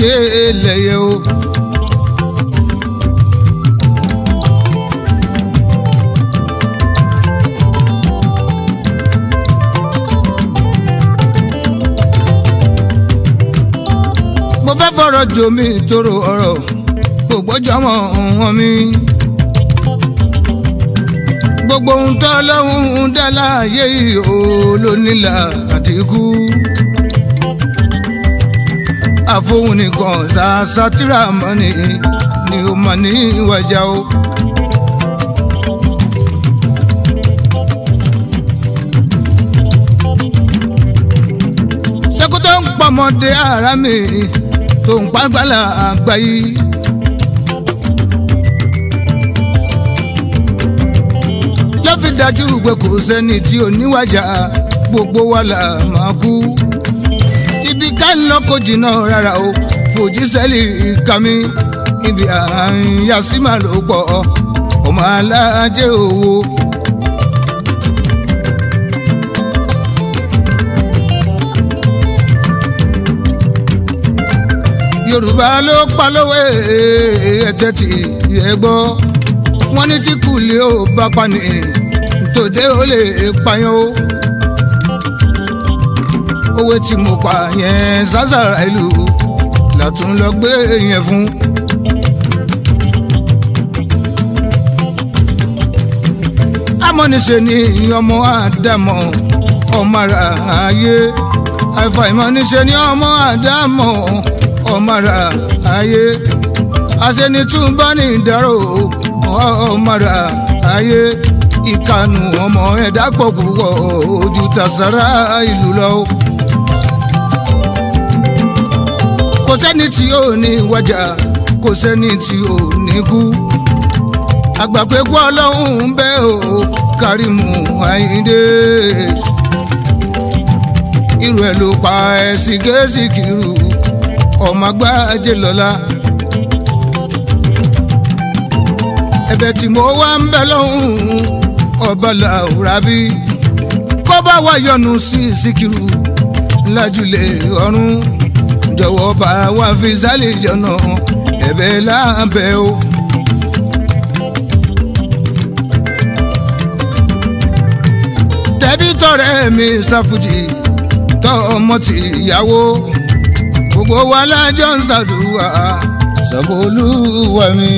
jẹ́ ẹlẹ́yẹ o. mo fẹ́ fọ̀rọ̀ jomi toro ọ̀rọ̀ kò gbọ́jọ́ mọ́ ọ̀hún mi gbogbo ohun tó lọ́hún dá láàyè yìí ó lónílà àti ikú àfohùn nìkan sàṣàtìrà mọ́ni ni ó mà ní ìwàjà o. ṣẹ́kú tó ń pọmọdé ara mi tó ń pàgbàlà àgbáyé. lọ́fíìdájú gbé sẹ́ni tí ò níwàjà gbogbo wa là máa kú lánàá kò jìnnà rárá o fòjísẹ́lì ìka mi ibi àyà sí màá ló pọ̀ ọmọ alájẹ owó. Yorùbá ló pa lówe ẹ̀tẹ́ tí ẹ gbọ́ wọ́n ní tí kùlé ò bá pa ní tòde ó lè pààyàn o owó tí mo pa yẹn zazara ìlú látún lọ gbé yẹn fún. amọ́niṣe ni ọmọ àdámọ̀ ọmọ ara ayé àìfàìmọ́niṣe ni ọmọ àdámọ̀ ọmọ ara ayé àṣenitúbá ní ìdárò ọmọ ara ayé ìkànnù ọmọ ẹ̀dá pọ̀ púpọ̀ ojú tàṣàrà ìlú lọ. kò sẹ́ni tí ò ní wájà kò sẹ́ni tí ò ní kú ọlọ́run ń bẹ o Kàrímù Àyìndé irú ẹ̀ ló pa ẹ̀sìn gẹ̀ẹ́sì kìrù ọmọ agbájé lọ́la. ẹ̀bẹ̀ tí mo wá ń bẹ lọ́hùn ọba làwùrà bí kó bá jọ̀wọ́ bá wa fi sálì jọ̀nà ẹ̀bẹ̀ láàbẹ̀ o. tẹbí tọ̀rẹ́ mi ṣàfùjì tọ́ ọmọ tìyàwó gbogbo wa lájọ ń ṣàdúrà sọ́bọ̀ olúwa mi.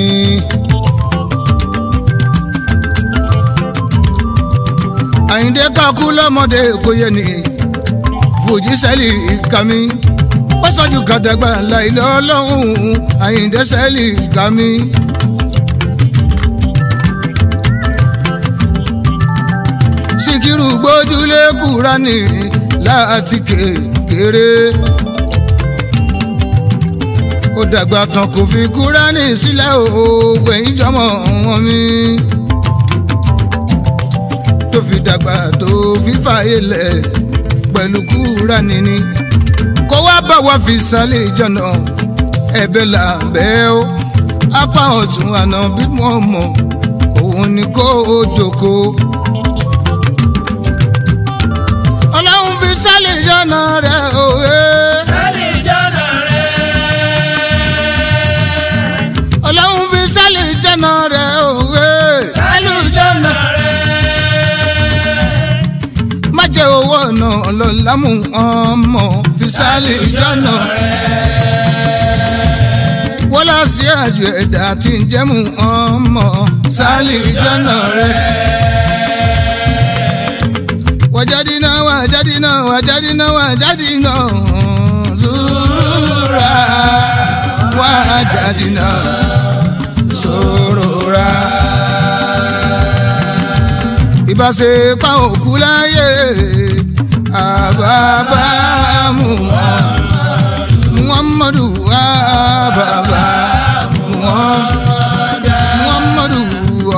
àyíndé kakú lọ́mọdé kò yẹ ni fòjísẹ́lì kàmi pẹ́sọ́jú kàdàgbà láìlé ọlọ́run àyíǹde sẹ́ẹ̀lì ìgbà mi. Síkírù gbójúlé Kúránì láti kékeré. Ó dàgbà tán kò fi Kúránì sílẹ̀ òògùn ẹ̀yìn jọmọ wọn mi. Tó fi dàgbà tó fífà ilẹ̀ pẹ̀lú Kúránì ni bá wa fi sálẹ̀ ìjànà ẹ̀bẹ̀ là ń bẹ́ ó apá ọ̀tún àná bí mo mọ̀ òun ni kó o jókòó. ọlọ́run fi sálẹ̀ ìjànà rẹ̀ òwe. Eh. sálẹ̀ ìjànà rẹ̀. ọlọ́run fi sálẹ̀ ìjànà rẹ̀ òwe. Eh. sálẹ̀ ìjànà sálì jọ́nà rẹ̀. wọ́lá sí àjò ẹ̀dá tí ń jẹ́mu ọmọ sálì jọ́nà rẹ̀. wàjáde náà wàjáde náà wàjáde náà wàjáde náà zúra wàjáde náà sòrora. ìbáṣepá òkú láyé àbàbà muhammadu àbàbà muhammadu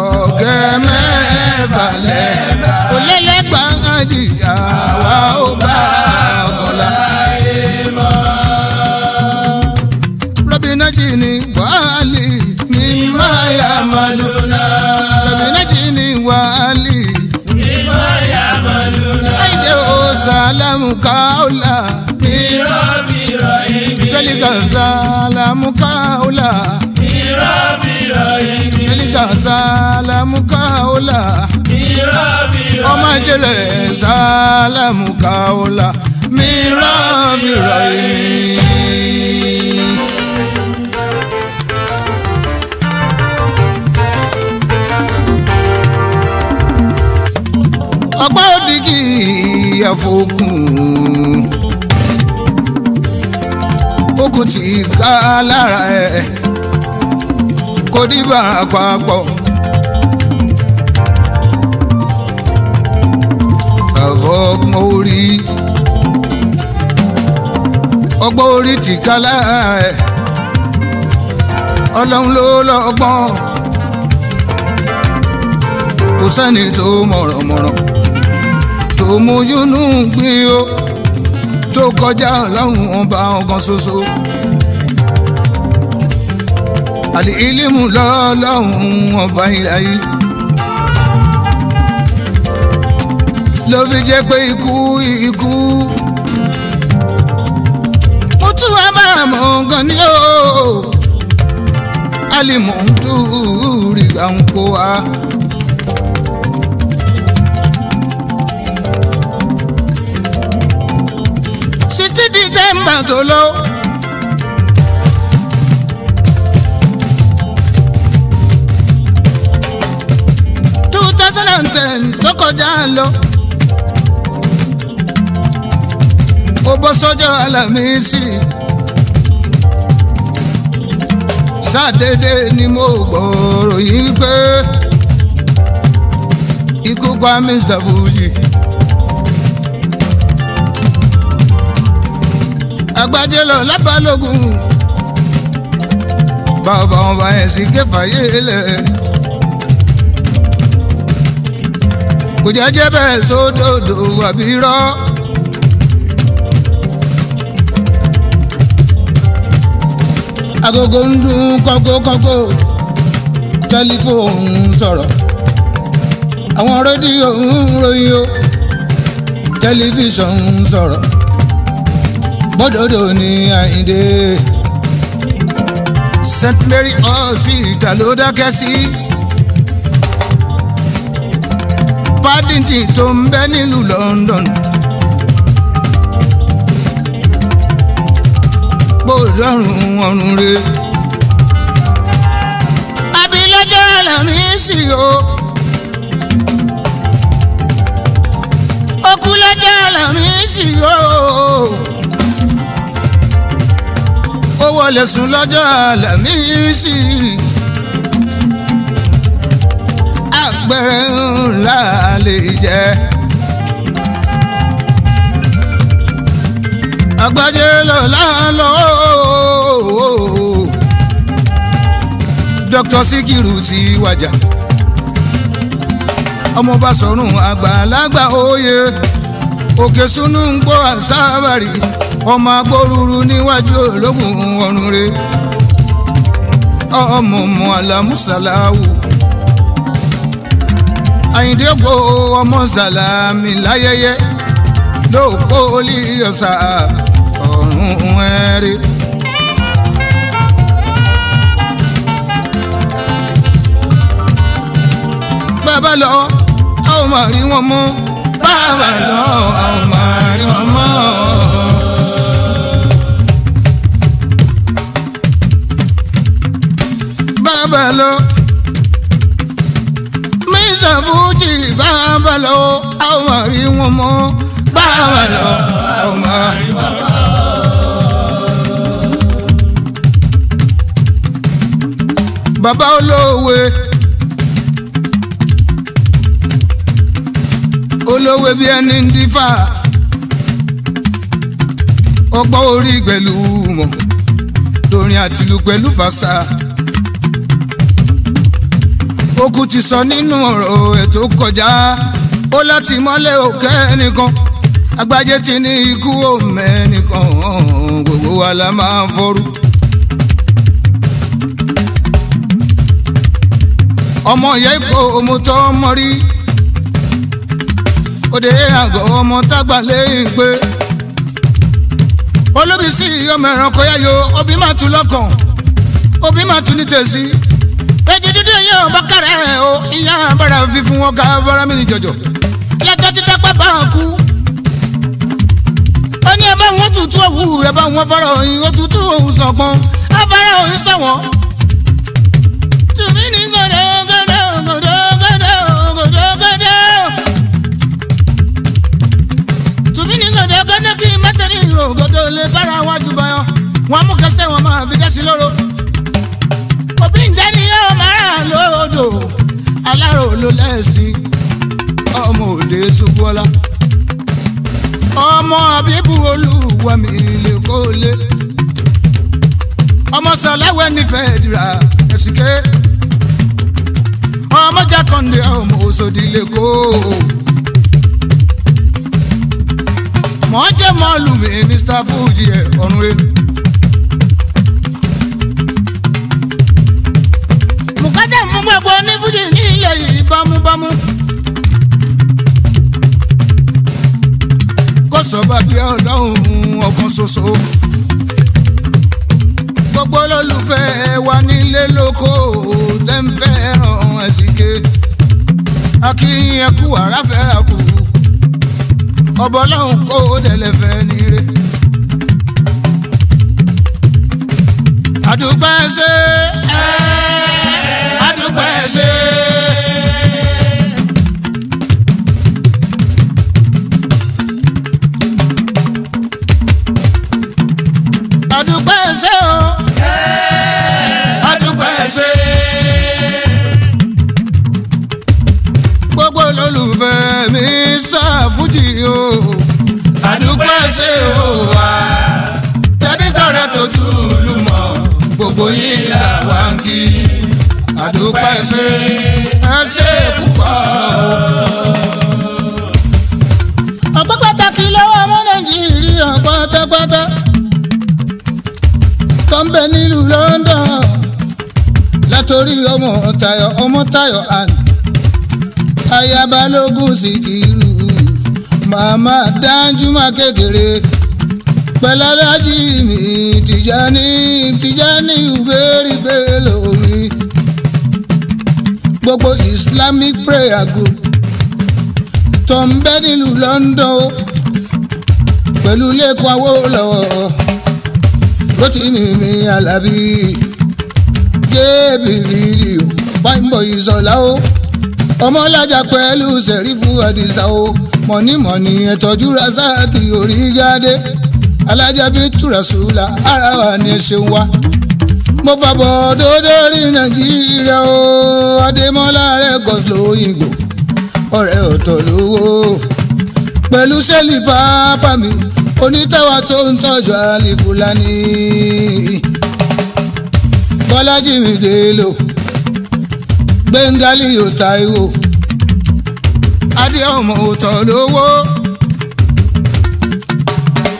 ọ̀kẹ́ mẹ́fà lẹ́ẹ̀bà olẹ́lẹ́gbàá jìyà wa ó bá. salamu kaula. Biro biro ibi. Sẹ́líkà salamu kaula. Biro biro ibi. Sẹ́líkà salamu kaula. Biro biro ibi. Ọmọ ìjẹlẹ̀ salamu kaula. Biro biro ibi. ọgbà òdìjì ẹ̀fọ́kùn okùn tí ká lára ẹ̀ kò dìbà papọ̀. ọgbọ́n orí ọgbọ́n orí ti ká lára ẹ̀ ọlọ́run ló lọ́gbọ́n kò sẹ́ni tó mọ̀rànmọ̀ràn tó mú yúnú gbé o tó kọjá láwọn ọba ọ̀kan ṣoṣo. àlè ìlímù lọ́láhùn ọba ìlàyé. ló fi jẹ́ pé ikú ikú. mo tún wá bá àmọ́ gan ni o alimu ń tú rí àwọn kó wa. àkáǹtì olówó. two thousand and ten tó kọjá lọ. ó bọ́ sọ́jọ́ alámísì. sàdédé ni mo gbọ́ròyìn pé ikú pa Mr. Fuji. agbájé lọ lábàlógún bàbá wọn bá yẹn sí kẹfàyé lẹ. kò jẹ́jẹ́ bẹ́ẹ̀ sódòdò àbí rọ́. agogo ń dún kọ́kọ́kọ́kọ́ tẹlifóònù sọ̀rọ̀ àwọn rédíò ń ròyìn o tẹlifíṣàn ń sọ̀rọ̀ bódòdó ní àyíndé st mary hospital ló dákẹ́ sí paddington tó ń bẹ nílùú london. gbòòdọ́rùn ọ̀run re. abilọ́jọ́ àlàmí sì o. okú àlàmí sì o ó wọlé sùn lọ́jọ́ àlàmísì. àpẹẹrẹ ńlá lè jẹ. àgbájé lọ lálọ́ Dr. Sikiru ti wàjà ọmọ sọ̀rùn àgbàlagbà òye òkè sunu ń gbọ́ àṣà àbàrí ọmọ agbóruru níwájú ológun ọ̀run re ọmọ ọmọ alamusalawu àyìndé gbo ọmọ sàlámì láyẹyẹ lóòkó olí ọ̀sà ọ̀run ẹ̀rẹ́. bàbá lọ a rí wọn mọ́ bàbá lọ a rí wọn mọ́. balo mísà fújì bá a balo àwọn àrí wọn mọ bá a balo àwọn àrí wọn mọ. bàbá olóòwe olóòwe bí ẹni ń dífà ọgbọ́n orí pẹ̀lú mọ̀ torin àtìlù pẹ̀lú fàṣà òkú ti sọ nínú ọ̀rọ̀ ètò kọjá ó láti mọ́lẹ̀ òkè nìkan agbájé ti ní ikú òmẹ nìkan gbogbo wa la máa ń forú. ọmọ ìyá ikọ̀ òmùtọ́ ọmọ rí òde àgọ́ ọmọ tágbà lẹ́yìn pé olóbi ọmọ ẹ̀ràn kọ́yá yo obi máa tu lọ́kàn òbí máa tu ní tẹ̀sí èjì dúdú yóò bọ́ kẹrẹ́ o ìyá bára fífún wọn ká bára mi ní jọjọ. lẹ́tọ́ ti tẹ́pẹ́ bá ń kú. ó ní ẹbá wọn tutù òwú ẹbá wọn fọ́rọ̀ òyìn ó tutù òwú sọ̀gbọ́n afárá òyìn sọ̀wọ́n. tùmí gòdò gòdò gòdò gòdò gòdò gòdò. tùmí gòdò gòdò kí mẹ́tẹ̀ẹ́rì rò gòdò lè bára wọn jù báyọ̀ wọn mú kẹsẹ̀ wọn máa fi dẹ́sí lóró òbí ǹjẹ́ ni yóò máa lòdò alárò ló lẹ́sìn ọmọ òde ṣubúọlá ọmọ bíbú olúwọmi lè kó lé ọmọ sọláwẹ nífẹ̀ẹ́ dìrà ẹ̀sìnké ọmọ jákàndé ọmọ òṣòdì lè mọ̀ọ́jẹ́ mọ́ọ̀lù mi mr fuji ẹ̀ ọ̀run rẹ̀. bámúbámú. kó sọ̀bàbí ọlọ́run ọ̀kan ṣoṣo. gbogbo olólùfẹ́ wa nílé lóko tẹ́ ń fẹ́ràn ẹ̀sìnké. akínyẹ̀kú àràfẹ́ra kù ọbọ̀ ọlọ́run kó dẹ̀lẹ̀ fẹ́ nire. àdúgbò ẹsẹ̀ àdúgbò ẹsẹ̀. adúpẹ́ ṣe o. adúpẹ́ ṣe. gbogbo olólùfẹ́ mi ṣàfùjì o. adúpẹ́ ṣe o wa. tẹbí tọrẹ tó tù lù mọ́ gbogbo yìí là wá ń kí. adúpẹ́ ṣe. ẹ ṣe púpọ̀. ọ̀pọ̀ pàtàkì lọ́wọ́ ọmọ Nàìjíríà pátápátá kan bẹ nílùú London látòrí ọmọ Táyọ̀ ọmọ Táyọ̀ àná ayabalógun Síkírù màmá Danjuma kékeré pẹ̀ládájì mi Tìjání Tìjání ìbéèrè lómi gbogbo Islamic prayer group tó ń bẹ nílùú London pẹ̀lú lẹ́kọ̀ọ́ Awólọ́wọ̀. Rotimi mi Alábí jébì fídíò fine boy Ṣọlá o ọmọlájà pẹ̀lú sẹ̀rífù àdìsá o mọ̀nímọ̀ní ẹ̀tọ́jú rasaki orí jáde alájà bí tùràsùlà ara wa ni ẹ ṣe wá mo fàbọ̀ dòdò rí nàìjíríà o adémọ́lá rẹ̀ gọ́sùlò òyìnbó ọ̀rẹ́ ọ̀tọ̀ lówó pẹ̀lú sẹ́lì bàbá mi onítẹ̀wá tó ń tọ́jú àlè fúlàní bọ́lájì mìdélò gbẹ̀ngàlì yóò táíwò adé ọmọ òótọ́ lówó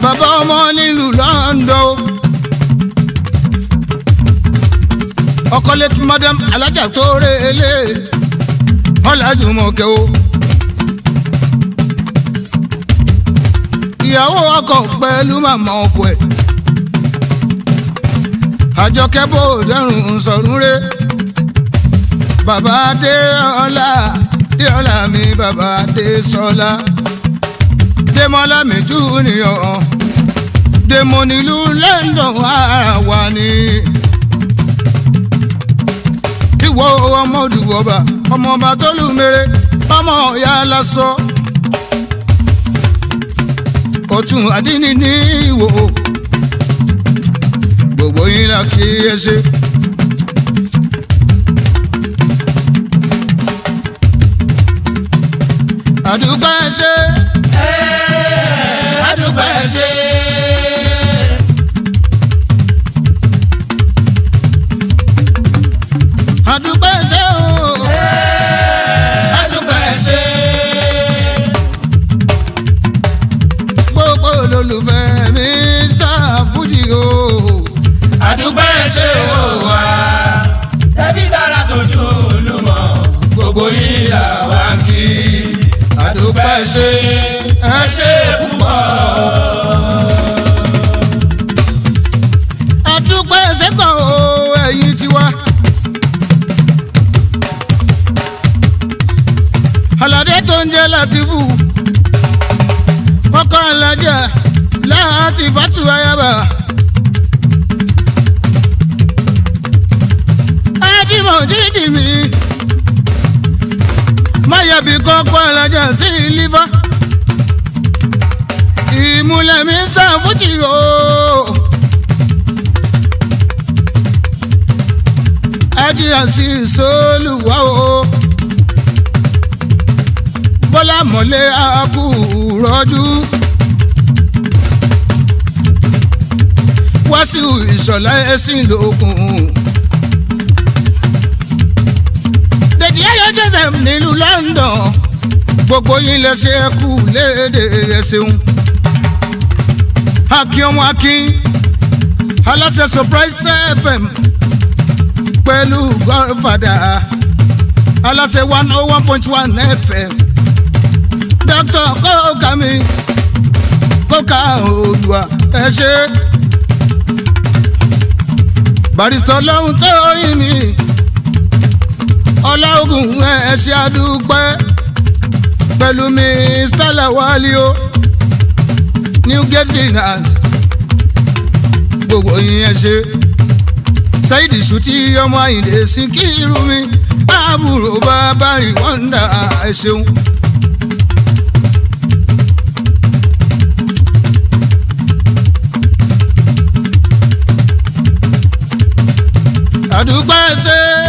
bàbá ọmọ nílùú London ọkọ létí madam alájà tó rèé lé ọ̀làjùmọ̀kẹ́ o. ìyàwó ọkọ pẹ̀lú màmá ọkọ ẹ̀ àjọkẹ́ bò dẹrùn sọ̀rúnré bàbá adé ọlá dé ọlá mi bàbá adé sọlá démọlá mi jù nìyàn dèmọ̀nìlú lẹ́ńdọ̀n ara wa ni ìwọ ọmọ òdùwọ̀bà ọmọ ọba tó lù mèrè ọmọ ọ̀yà lásán ọ̀tún adínní ìwò gbogbo yín la kí ẹ ṣe. àdúgbò ẹ ṣe. àdúgbò ẹ ṣe. ṣe ẹ ṣe púpọ̀. àdúgbò ẹsẹ̀ kan o ẹ̀yìn tiwa. àlàdé tó ń jẹ́ látìbù ọkọ̀ ńlájà láti fàtú ayaba. ajímọ̀ jídì mi jẹ̀bi kọ́kọ́ alájà sí ìlífà ìmúlẹ̀ mi ń sàn fújì o. ajíyà sí ìsólùwà o. bọ́lá mọ̀lẹ́ àbúrọ́jú. wá sí ìṣọ̀lá ẹ̀sìn lókun. fm nílùú London gbogbo yín lè kú léde ẹ ṣeun akín aláṣẹ surprise fm pẹ̀lú godfather aláṣẹ one oh one point one fm dr kóòkà mi kóòkà òdùà ẹ barista ọlọ́run tó yín mi ọláògùn ẹ ṣé àdúpẹ́ pẹ̀lú mi Stella Wálé o New Gate Finance gbogbo yín ẹ ṣé Saheed Shitty ọmọ Àyìndé Síkírù mi àbúrò bàbá rìn wọ́ndà ẹ ṣeun. àdúgbò ẹsẹ̀.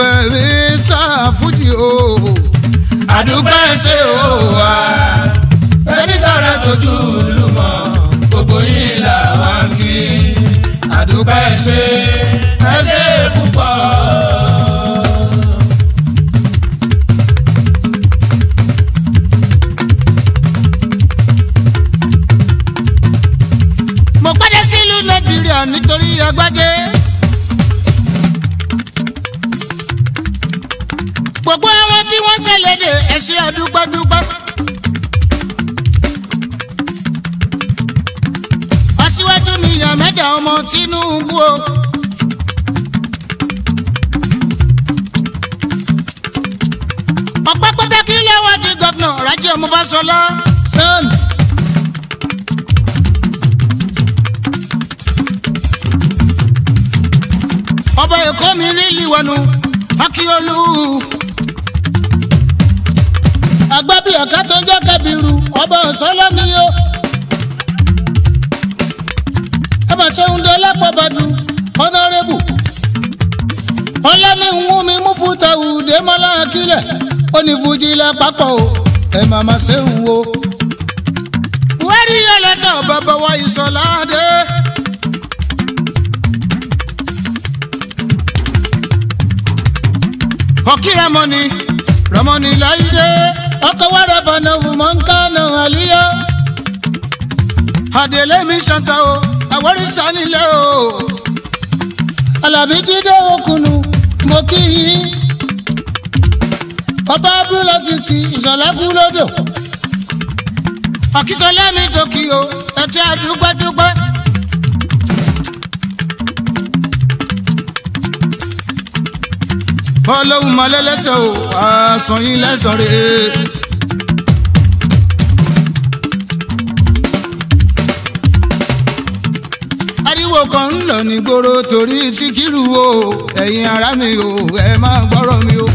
fẹ́ mi sá fújì o. àdúpẹ́ ṣe o, wa. ẹbí tọrẹ tójú lùmọ̀ gbogbo yìí là wá ń kí. àdúpẹ́ ṣe ẹ ṣe púpọ̀. mo pàdé sílùú nàìjíríà nítorí agbájé. ẹ ṣé àdúpẹ́ dúpẹ́. aṣíwájú nìyàn mẹ́ta ọmọ Tinubu o. ọ̀pẹ́ pàtàkì lọ́wọ́ di gọ́fìnà Rájí ọmọ Fáṣọlá sẹ́ni. ọba èkó mi rí ìlú akíọlù agbábí ọ̀ká tó ń jẹ́ kẹbìrú ọba ọ̀sọ́lọ́mí o. ẹ mà ṣe ń dọlẹ́ pọ̀bọ̀dù ọ̀nàrẹ́bù. ọlọ́ni ń wú mi mú fúta òde mọ́lá kílẹ̀ ó ní fújì ilẹ̀ pápọ̀ o ẹ mà má ṣe ń wo. wẹ́rí ẹlẹ́tọ̀ bàbá wa ìsọ̀lá dé. ọ̀kí ramọ́ni ramọ́ni láyé ọkọ̀ wẹ́rẹ́ fanahu mọ̀ ń kánà àlíyá àdèlé mi ṣàǹtà o àwárí sanilẹ̀ o alábí jíde okùnù mo kí i ọba abúlé sisi ìṣọ̀lẹ́ kú lódò àkíṣọlẹ́ mi tòkì o ẹ̀tí àdúgbẹ́dúgbẹ́. ọlọ́run mọ lẹ́lẹ́sẹ̀ o àṣọ yín lẹ́sọ̀ rẹ̀. ariwo kan ń lọ ní gbòòrò torí tí o ẹ̀yin ará mi o ẹ má gbọ́rọ̀ mi o.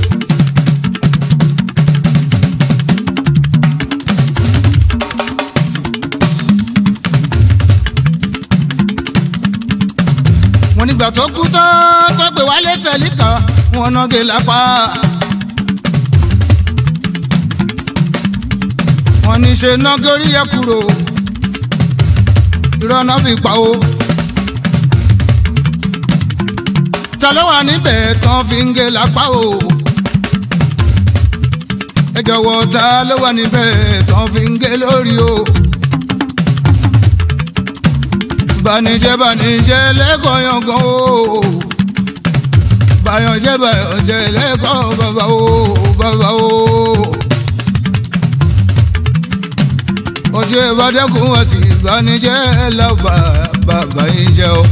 wọ́n nígbà tó kú tán tó gbé wá lẹ́sẹ̀ líkan wọn náge lápá. wọ́n ní ṣe nọ́gẹ́rì yẹ kúrò irọ́ náà fi pa o. ta ló wà níbẹ̀ tán fi ń gé lápá o. ẹ jọ̀wọ́ ta ló wà níbẹ̀ tán fi ń gé lórí o. bànújẹ́ bànújẹ́ lẹ́kọ̀ọ́ yangàn o bàyànjẹ́ bàyànjẹ́ lẹ́kọ̀ọ́ bàbá o bàbá o. ojú ìbádẹ́kùn àti ìbánijẹ́ lábà bàbá yín jẹ́ o.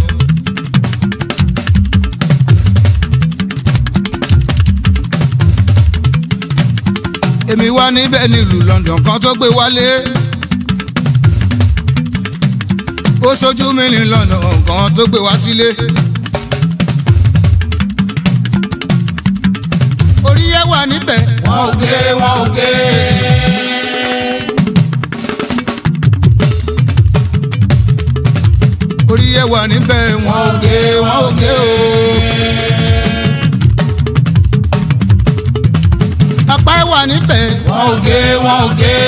èmi wá níbẹ̀ nílùú London kan tó gbé wálé ó ṣojú mi ní London kan tó gbé wá sílé. Si wà níbẹ̀. wọn ò gé wọn ò gé. orí ẹ wà níbẹ̀ wọn ò gé wọn ò gé o. apá ẹ wà níbẹ̀ wọn ò gé wọn ò gé.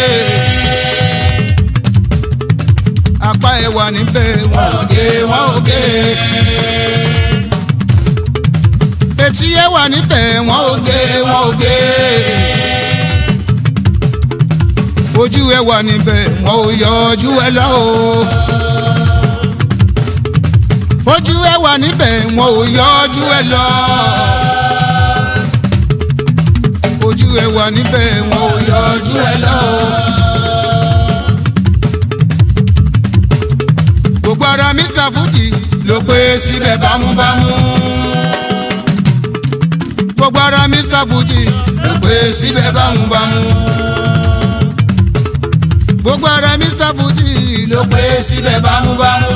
apá ẹ wà níbẹ̀ wọn ò gé wọn ò gé tí ẹ wà níbẹ̀ wọ́n ò gbé wọ́n ò gbé. ojú ẹ wà níbẹ̀ wọ́n ò yọ ojú ẹ lọ o. ojú ẹ wà níbẹ̀ wọ́n ò yọ ojú ẹ lọ. ojú ẹ wà níbẹ̀ wọ́n ò yọ ojú ẹ lọ o. gbogbo ara Mr. Fuji ló pé síbẹ̀ bámúbámú gbogbo ara Mr Fuji ló pè é síbẹ̀ bámúbámú. gbogbo ara Mr Fuji ló pè é síbẹ̀ bámúbámú.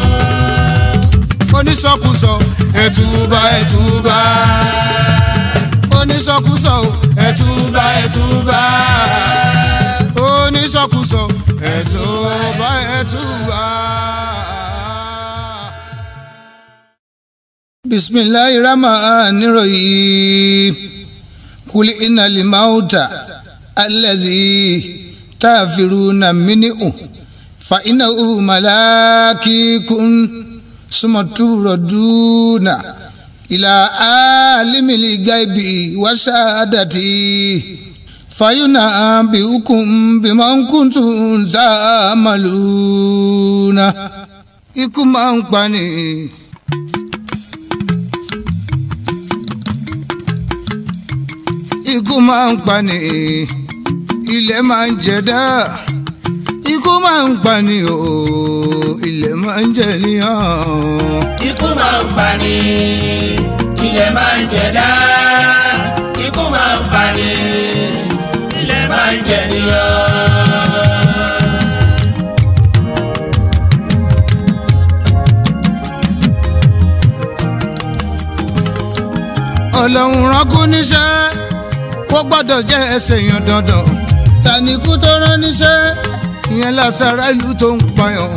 onísọkúsọ ẹ̀túbà ẹ̀túbà. onísọkúsọ ẹ̀túbà ẹ̀túbà. onísọkúsọ ẹ̀túbà ẹ̀túbà. bisimilahi rahman niròyìn kuli ina limauta alazi tafiruna miniu fa ina umalaki kun sumatu roduna ila alimili gaibi wasaadati fayuna bi hukum bi man kuntum zamaluna ikú máa ń ikú máa ń pani ilẹ̀ máa ń jẹ̀dá ikú máa ń pani o ilẹ̀ máa ń jẹ níyàn. ikú máa ń pani ilẹ̀ máa ń jẹ̀dá ikú máa ń pani ilẹ̀ máa ń jẹ níyàn. ọlọ́run ránkú níṣẹ́ kó gbọ́dọ̀ jẹ́ ẹsẹ̀ yàn dandan. tàníkú tó rán níṣẹ́ ìyẹn lásàrá ìlú tó ń payàn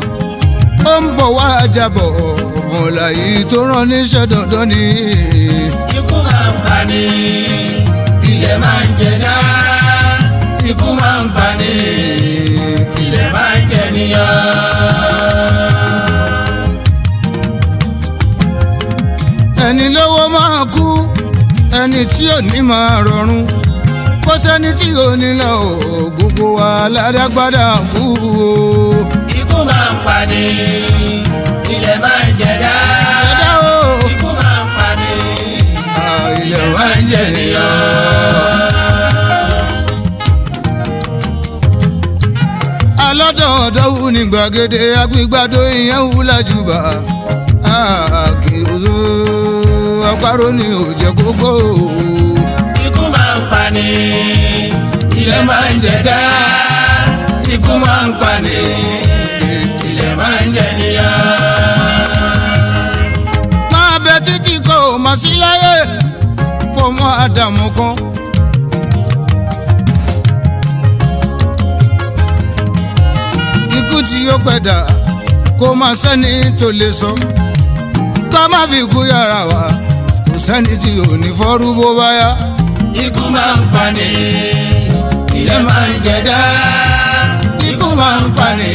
ó ń bọ̀ wá àjàbọ̀ ọ̀la yìí tó rán dandan ni. ikú máa ń pa ni ilẹ̀ máa ń jẹ dá ikú máa ń pa ni ilẹ̀ máa ń jẹ níyàn. ẹni lówó máa kú ẹni tí ò ní máa rọrùn kó sẹ́ni tí ò ní lọ gbogbo wa ládágbádá kú o. ikú máa ń pa ni ilẹ̀ máa ń jẹ̀dá. jẹ̀dá o. ikú máa ń pa ni ilẹ̀ máa ń jẹ̀nìyàn. alọ́dọ̀ọ́dọ́ wù ní gbàgede agbègbàdo ìyẹn wù lájúbà páró ni ò jẹ́ kókó. ikú máa ń pa ni ilẹ̀ máa ń jẹ dá ikú máa ń pa ni ilẹ̀ máa ń jẹ níyà. máa bẹ títí kò mọ̀ sí láyé fọmọ àdàmú kan. ikú tí yóò gbẹ̀dà kó máa sẹ́ni tó lè sọ. ká má fi kú yàrá wa sẹ́ni tí ò ní fọ́rú bó bá yá. ikú máa ń pani ilé máa ń jẹ̀dá ikú máa ń pani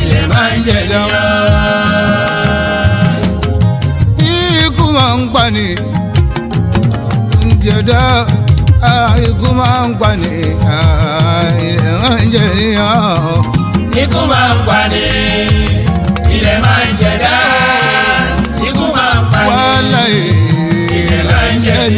ilé máa ń jẹ̀dá. ikú máa ń pani jẹ̀dá ikú máa ń pani ilé máa ń jẹ̀dá. ikú máa ń pani ilé máa ń jẹ̀dá.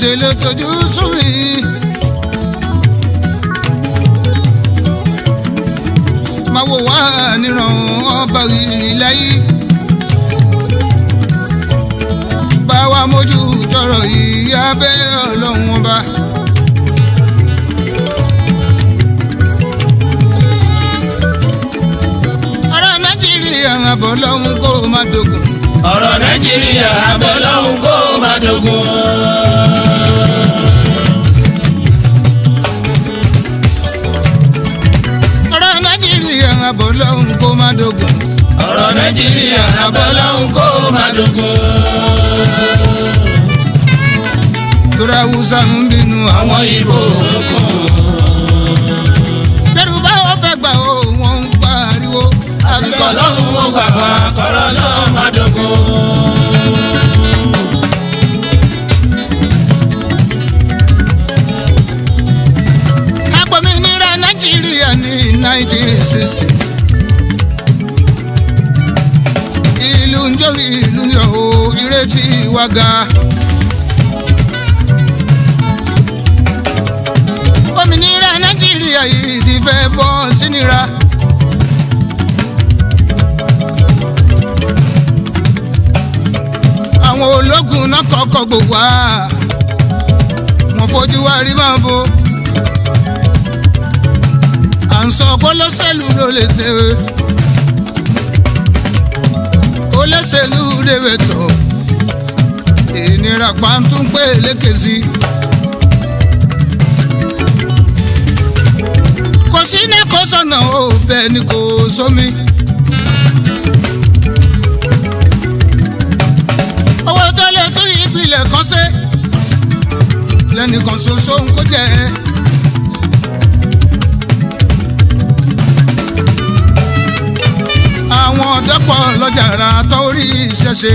ṣe ló tójú sún mi. máa wò wá níràn ọba ìlẹ́yìí. bá wa mójú tọrọ yìí abẹ́ ọlọ́run ọba. ọ̀rọ̀ nàìjíríà àbọ̀ lọ́hún kó má dogun. ọ̀rọ̀ nàìjíríà àbọ̀ lọ́hún kó má dogun. abọ́lọ́hún kó má dogun. ọ̀rọ̀ nàìjíríà abọ́lọ́hún kó má dogun. torí haúsá ń bínú àwọn ìbò kù. bẹ́rù báwọn fẹ́ gbà ó wọ́n ń pariwo. àfikọ́ lọ́hùn ó gbà wá kọ́rọ́ náà má dogun. nineteen sixty. ìlú ń jó ìlú ń yọ̀ o ìrètí wa ga. òmìnira nàìjíríà yìí ti fẹ́ bọ́ sínira. àwọn ológun náà kọ́kọ́ gbò wá wọ́n fojú wa rí máa bo. à ń sọ kó ló ló lè ṣe é. ṣèlú rèwètò ìnira pàǹtúnpé lékesì. kò sí ní kò sọ̀nà ó bẹ́ẹ̀ ni kò sómi. owó tó lè tó ìpìlẹ̀ kan ṣe lẹ́nìkan ṣoṣo ń kó jẹ́ dọ́pọ̀ lọ́jà ra tọ́ orí iṣẹ́ ṣe.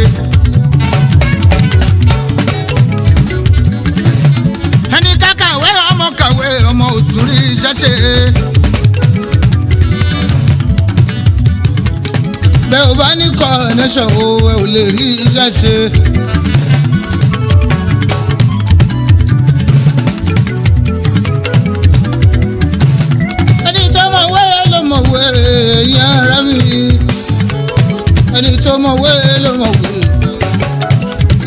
ẹni kákàwé ọmọ kàwé ọmọ òtún rí iṣẹ́ ṣe. bẹ́ẹ̀ ò bá ní kọ́ ẹ̀ lẹ́sọ̀ o ẹ ò lè rí iṣẹ́ ṣe. tó mọ̀wé ló mọ̀wé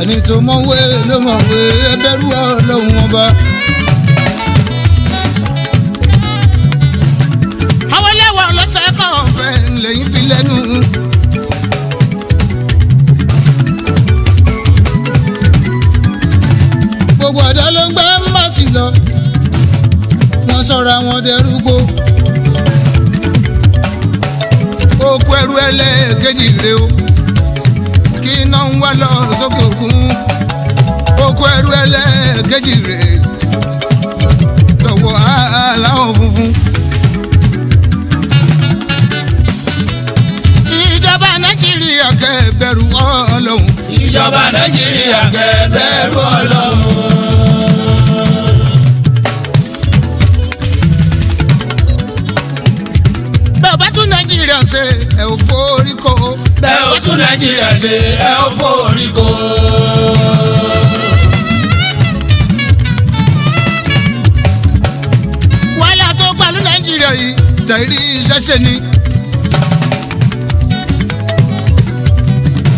ẹni tó mọ̀wé ló mọ̀wé ẹbẹ̀rù ọlọ́run ọba. àwọn ẹlẹ́wà ọlọ́sẹ̀ kan fẹ́ lẹ́yìn fi lẹ́nu. gbogbo ọ̀dọ́ ló ń gbẹ́ má sí lọ wọ́n sọ̀rọ̀ àwọn dẹrúgbó òkú ẹrú ẹlẹ́ẹ̀kejì rèé o. kejì rèé lọ́wọ́ aláwọ̀ funfun. ìjọba nàìjíríà kẹ́ bẹ̀rù ọlọ́run. ìjọba nàìjíríà kẹ́ bẹ̀rù ọlọ́run. nàìjíríà ṣe ẹ ò forí kó. bẹ́ẹ̀ o tún nàìjíríà ṣe ẹ ò forí kó. nàìjíríà yìí tẹ̀rí iṣẹ́ ṣe ni.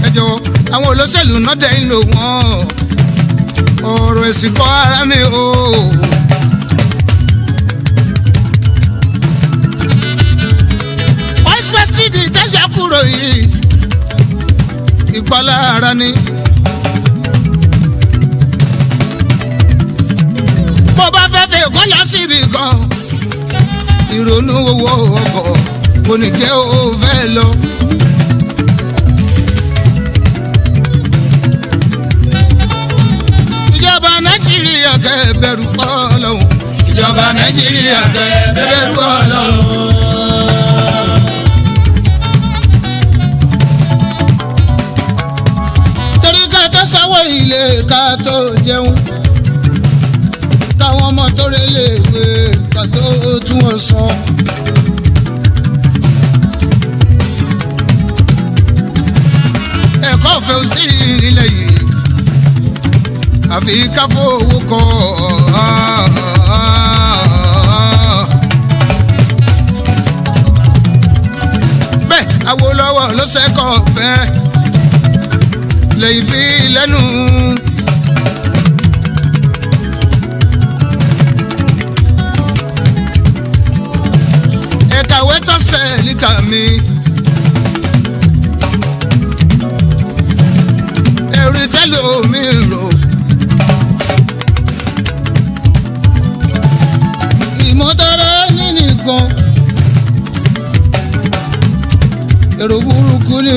ẹ jọ̀wọ́ àwọn olóṣèlú náà dẹ̀ ń lò wọ́n ọ̀rọ̀ ẹ̀sìn kọ́ ara mi o. ọ́sífẹ́sìtì tẹ̀sán kúrò yìí ìpalára ni. bó bá fẹ́ fẹ́ kọ́ lọ síbi kan ìrònú owó ọkọ̀ kò ní jẹ́ ó fẹ́ lọ. ìjọba nàìjíríà kẹ́ ẹ bẹ̀rù Ọlọ́run. ìjọba nàìjíríà kẹ́ ẹ bẹ̀rù Ọlọ́run. torí ká tó sanwó ilé ká tó jẹun káwọn ọmọ tó relé gbé bàbá tó tún wọn sọ. ẹ̀kọ́ ọ̀fẹ́ ò sí nílẹ̀ yìí àfi ká fowó kọ́ ọ́. Awólọ́wọ̀ ló ṣẹ́kọ̀ọ́ fẹ́ lẹ́yìn fi lẹ́nu. mi. èrè tẹ́lẹ̀ omi ń lò. ìmọ̀tara ní nìkan. èrò burúkú ni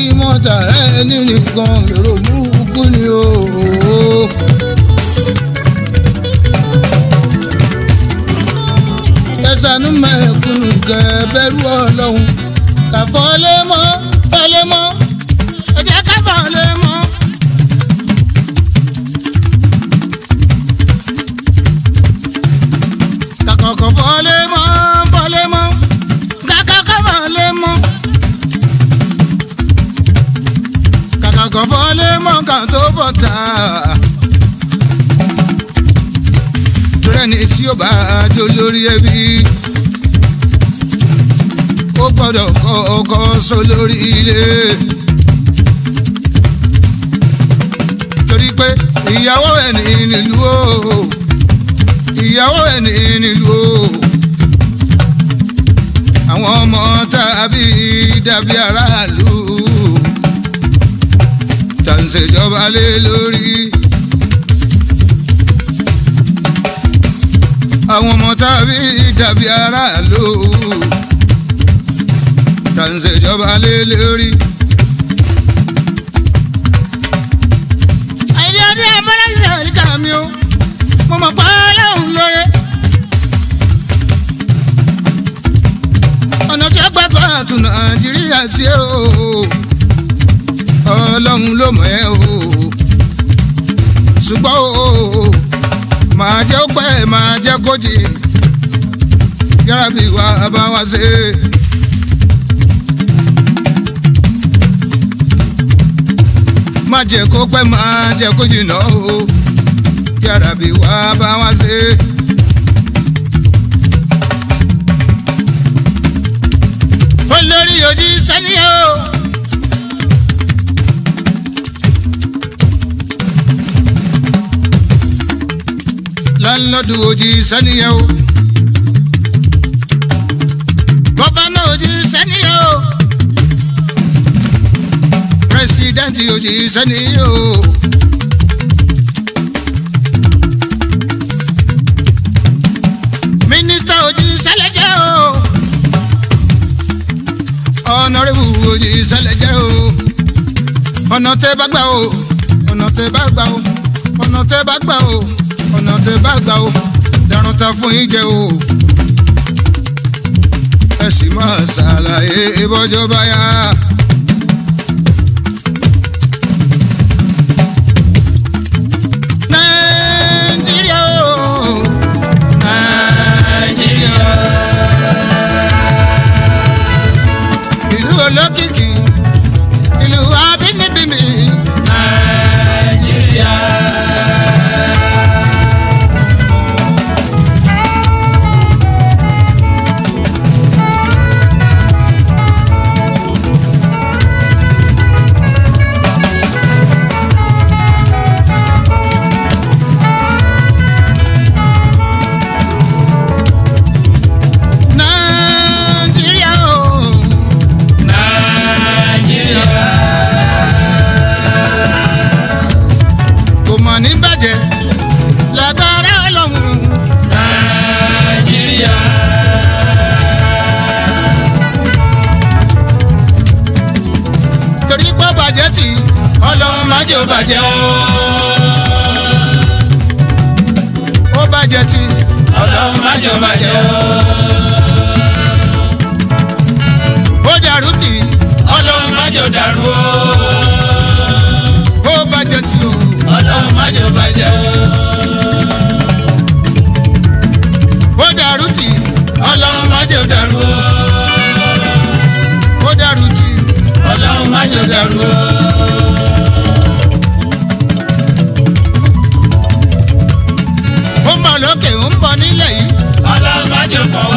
ìmọ̀tara ní nìkan èrò burúkú ni ooo. sanu mẹ̀kúnnù gẹ̀ẹ́bẹ̀rù ọlọ́run kàfọ́lé mọ́. sí olórí ẹbí ó gbọ́dọ̀ kọ́ ọkọ sólórí ilé. torí pé ìyàwó ẹ̀ ní nílùú o ìyàwó ẹ̀ ní nílùú o àwọn ọmọ tàbí dàbí aráàlú tàǹsẹ̀jọba lé lórí. àwọn ọmọ tàbí dàbí aráàlú tàǹsẹ̀jọba lé lórí. àìlè ọdẹ abọ́lájà ìka mi o mo mọ̀ pé ọlọ́run lóye. ọ̀nà tí ó gbàgbọ́ àtún nàìjíríà sí o ọlọ́run ló mọ̀ ẹ́ o ṣùgbọ́n o màá jẹ́ ó pẹ́ màá jẹ́ kó jì yára bí bá wá ṣe é. má kó pẹ́ má jẹ́ kó jìnnà o yàrá bí wàá bá wá ṣe é. láńlọ́dù òjì sẹ́niyẹ o. gọ́fánà òjì sẹ́niyẹ o. pírẹsidẹ́ǹtì òjì sẹ́niyẹ o. mínísítà òjì sẹ́lẹ̀jẹ̀ o. ọ̀nàrẹ́bù òjì sẹ́lẹ̀jẹ̀ o. ọ̀nà tẹ́ bá gbà o ọ̀nà tẹ́ bá gbà o ọ̀nà tẹ́ bá gbà o ọ̀nà tẹ bá gbà o dàrún ta fún yín jẹ o. ẹ sì máa ṣàlàyé bọ́jọ́ báyà. jẹ́ ó bàjẹ́ ó bàjẹ́ tí ọlọ́run má jẹ́ ó bàjẹ́ ó dàrú tí ọlọ́run má jẹ́ ó dàrú ó bàjẹ́ tí ọlọ́run má jẹ́ ó bàjẹ́ ó dàrú tí ọlọ́run má ó dàrú ó dàrú tí ọlọ́run má ó dàrú ó. ń bọ̀ nílẹ̀ yìí. ọlọ́run má jẹ́ kọ́ wá.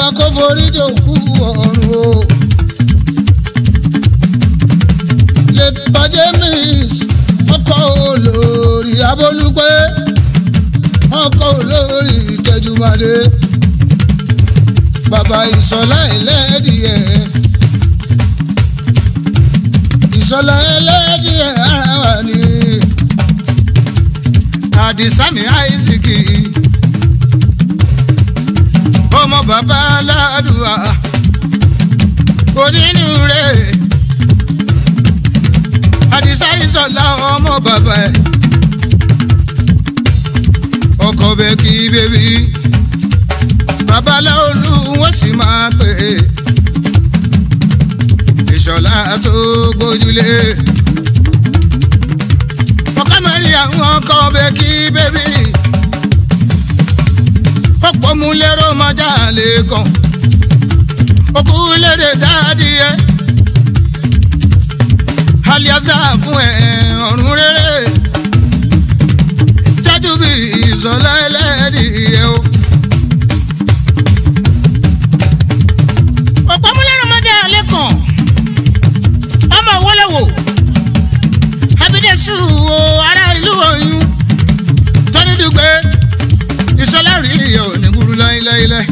ọba kó forí jò kú ọ̀run o. late bajemis ọkọ olórí abolúgbé ọkọ olórí ìkẹjùmọdé bàbá ìsọlá ẹlẹ́dìẹ ìsọlá ẹlẹ́dìẹ ara wà ní àdìsámi àìsíkì ọmọ bàbá aládùúgbà onínúure àdìsá ìsọ̀lá ọmọ bàbá ẹ̀ ọkọ̀ bẹ kí bébí babalá olú wọn sì máa pè é ìṣọ̀lá tó gbójúlé ọkọ̀ mẹ́rin àwọn ọkọ̀ bẹ kí bébí fọmúlẹ́rọ̀ máa já lè kàn òkú lédè dáàdì ẹ aliasa fún ẹ ọ̀run rere jájú bí ìsọ̀lá ẹlẹ́dìí ẹ o. Bailey.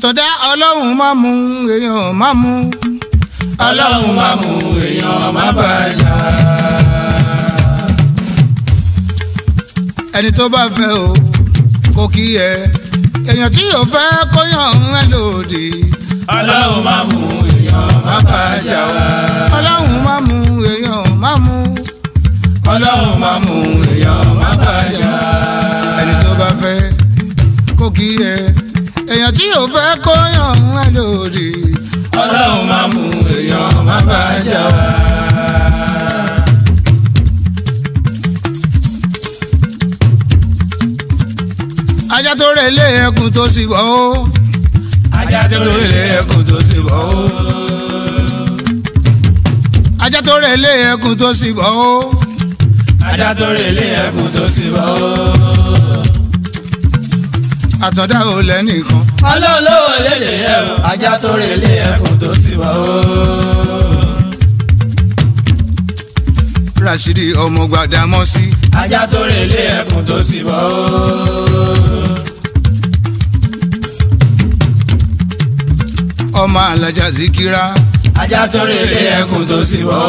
tó dá ọlọ́run má mú èèyàn má mú. ọlọ́run má mú èèyàn má bàjá. ẹni tó bá fẹ́ o kò kí ẹ èèyàn tí yóò fẹ́ kó yàn ń lòdì. ọlọ́run má mú. ti bọ̀ ó. ajá tó relé ẹkùn tó ti bọ̀ ó. ajá tó relé ẹkùn tó ti bọ̀ ó. ajá tó relé ẹkùn tó ti bọ̀ ó. àtọ̀dá ò lẹ́nìkan. ọlọ́run ló wọ lédè yẹ o. ajá tó relé ẹkùn tó ti bọ̀ ó. Rashidi ọmọ Gbàdámọ́sí. ajá tó relé ẹkùn tó ti bọ̀ ó. ọmọ alájà zikira. ajá tó rè lé ẹkùn tó sì bọ́.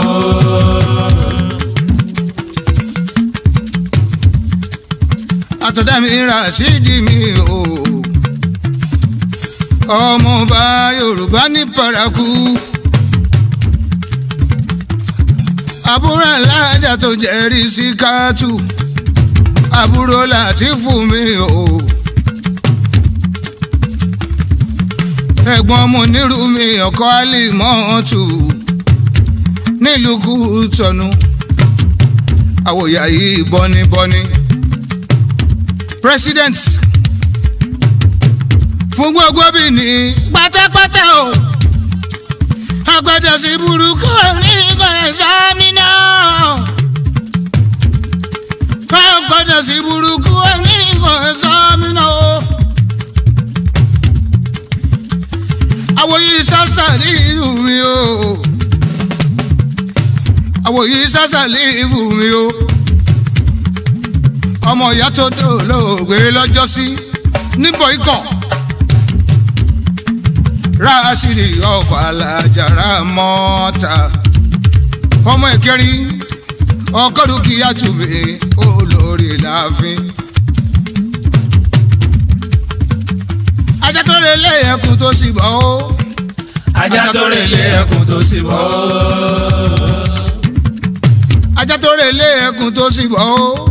àtọ̀dá mi ra sídìí mi o ọmọọba yorùbá ní paraku àbúrò alájà tó jẹ́rìí sí káàtù àbúrò láti fún mi o. ẹ̀gbọ́n mo nírú mi ọkọ àlìmọ́tù nílùú kùtọ̀nù àwòyà yìí bọ́nibọ́ni. president fún gbogbo bí ní pátápátá o agbẹ́dẹ̀ sí burúkú nígbà ẹ̀sánmi náà agbẹ́dẹ̀ sí burúkú nígbà ẹ̀sánmi náà. àwòyí sásà ní ìlú mi o àwòyí sásà ní ìlú mi o ọmọ ìyá tó tó lóògbé lọ́jọ́sí níbo ikọ̀ ráàsìrì ọkọ̀ alájàrá mọ́ta ọmọ ìkẹrin ọkọ̀ dúkìá tùbí olórí láàfin. ajá tó relé ẹkùn tó sì bọ́ ó. ajá tó relé ẹkùn tó sì bọ́ ó. ajá tó relé ẹkùn tó sì bọ́ ó.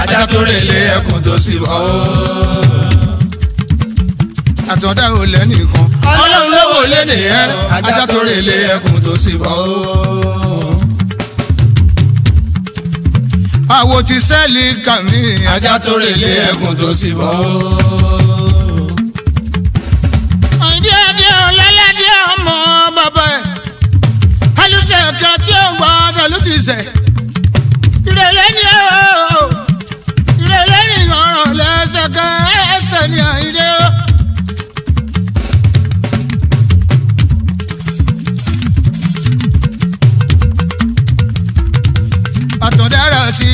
ajá tó relé ẹkùn tó sì bọ́ ó. àtọ̀dá ò lẹ́nìkan. ọlọ́run ló wò lé ajá tó relé ẹkùn tó sì bọ́ ó. àwo ti sẹ́ẹ̀lì kàmí. ajá tó relé ẹkùn tó sì bọ́ ó. ìjọ tí ó ń gbọ́ ọ̀dọ̀ ló ti sẹ̀. ìrẹ̀lẹ̀ ni ẹ o ìrẹ̀lẹ̀ ni ọ̀rọ̀ lẹ́sẹ̀ kan ẹsẹ̀ ni àìrẹ́ o. àtọ̀dára sí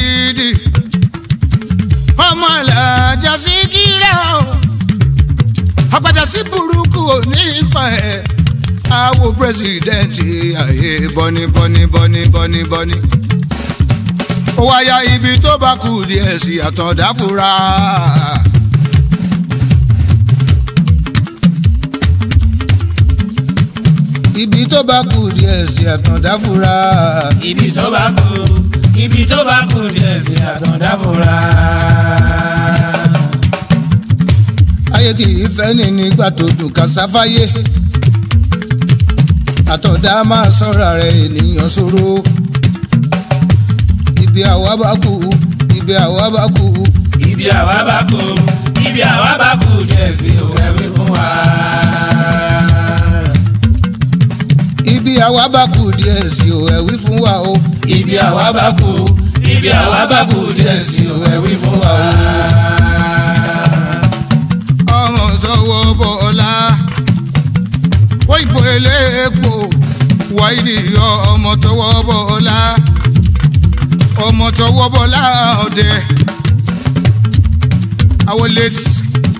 i ọmọ làjà sí kíra o àpàdà sí burúkú ò ní ipa ẹ̀ awo pírẹsidẹ́ǹtì ayé bọ́ni bọ́ni bọ́ni bọ́ni bọ́ni. ó wáyà ibi tó bá kù díẹ̀ sí àtọ̀dá fura. ibi tó bá kù díẹ̀ sí àtọ̀dá fura. ibi tó bá kù ibi tó bá kù díẹ̀ sí àtọ̀dá ayé kì í fẹ́ ni nígbà tó dùn kásáfáyé àtọ̀dá máa sọ́ra rẹ̀ ènìyàn ṣòro ibi àwa bá kú ibi àwa bá kú. ibi àwa bá kú ibi àwa bá kú jẹ́sí òkèwé fún wa. ibi àwa bá kú díẹ̀ sí òwẹ́wí fún wa o. ibi àwa bá kú ibi àwa bá kú díẹ̀ sí òwẹ́wí fún wa o. eléèpo wáìdì ọmọ tọwọ́ bọ́lá ọmọ tọwọ́ bọ́lá ọdẹ àwọn late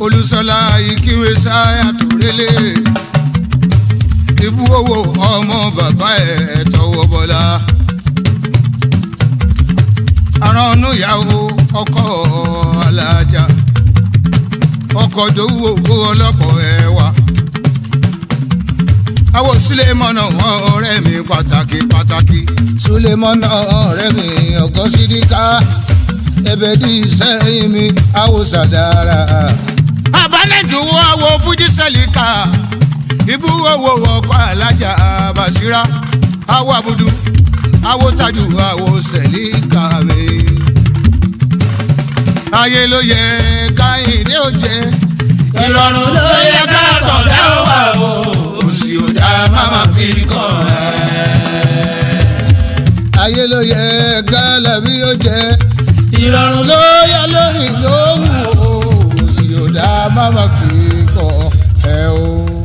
olùsọlá ìkíwé sáyà tó rélé ibú owó ọmọ bàbá ẹ̀ tọwọ́ bọ́lá aránú ìyàwó ọkọ alájà ọkọ tó wù owó ọlọ́pọ̀ ẹ̀ àwo Sulemọ̀nà ọ̀rẹ́ mi pàtàkì pàtàkì. Sulemọ̀nà ọ̀rẹ́ mi ọ̀gọ́ sídìkà ẹ̀bẹ̀dì sẹ́yìn mi àwo sàdára. àbánẹ́dùnwó àwo fújì sẹ́líkà ibú owó ọkọ̀ alájà àbàṣírà àwo àbùdù àwo tajú àwo sẹ́líkà mi. ayé ló yẹ káyìndé ó jẹ ìrọ̀rùn ló yẹ ká tọ̀dá wà o dá máma fi kàn ẹ́. ayé ló yẹ gálẹ̀ bí ó jẹ ìrọ̀rùn ló yẹ lórí lóhùn o ò dá máma fi kàn ẹ́ o.